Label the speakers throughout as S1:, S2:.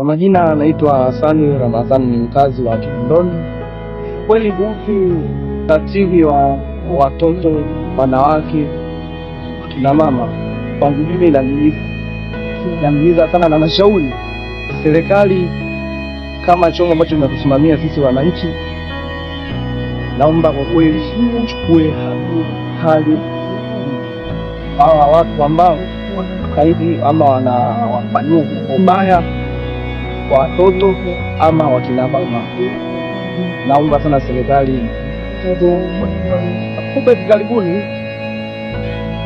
S1: Kwa majina anaitwa Hasani Ramadhani, ni mkazi wa Kinondoni. Kweli kuhusu ukatili wa watoto wanawake na mama, kwangu mimi inaniumiza sana, na nashauri serikali kama chombo ambacho kinatusimamia sisi wananchi, naomba kwa kweli chukue hali hawa watu ambao kaidi ama wanawafanyia ubaya kwa watoto ama wakina mama. Naomba sana serikali kupa karibuni,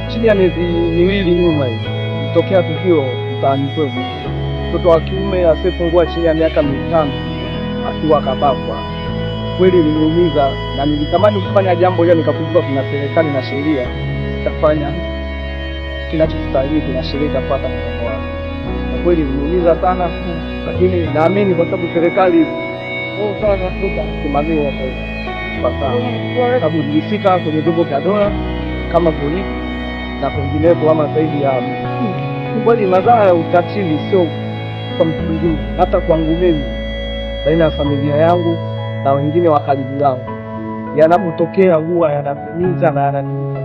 S1: chini ya miezi miwili nyuma hivi, tokea tukio mtaani kwetu, mtoto wa kiume asiyepungua chini ya miaka mitano akiwa kabakwa. Kweli niliumiza na nilitamani kufanya jambo hilo, nikakumbuka kuna serikali na sheria itafanya kinachostahili, kuna sheria itapata. wangu. kweli niliumiza sana lakini naamini kwa sababu serikali oh, simamiwa kwa sababu nilifika kwenye vyombo vya dola kama polisi na penginepo, ama zaidi ya hmm. kweli, madhara ya ukatili sio kwa mtu mwingine, hata kwangu mimi, baina ya familia yangu na wengine wa karibu yangu, yanapotokea huwa yanaumiza na yana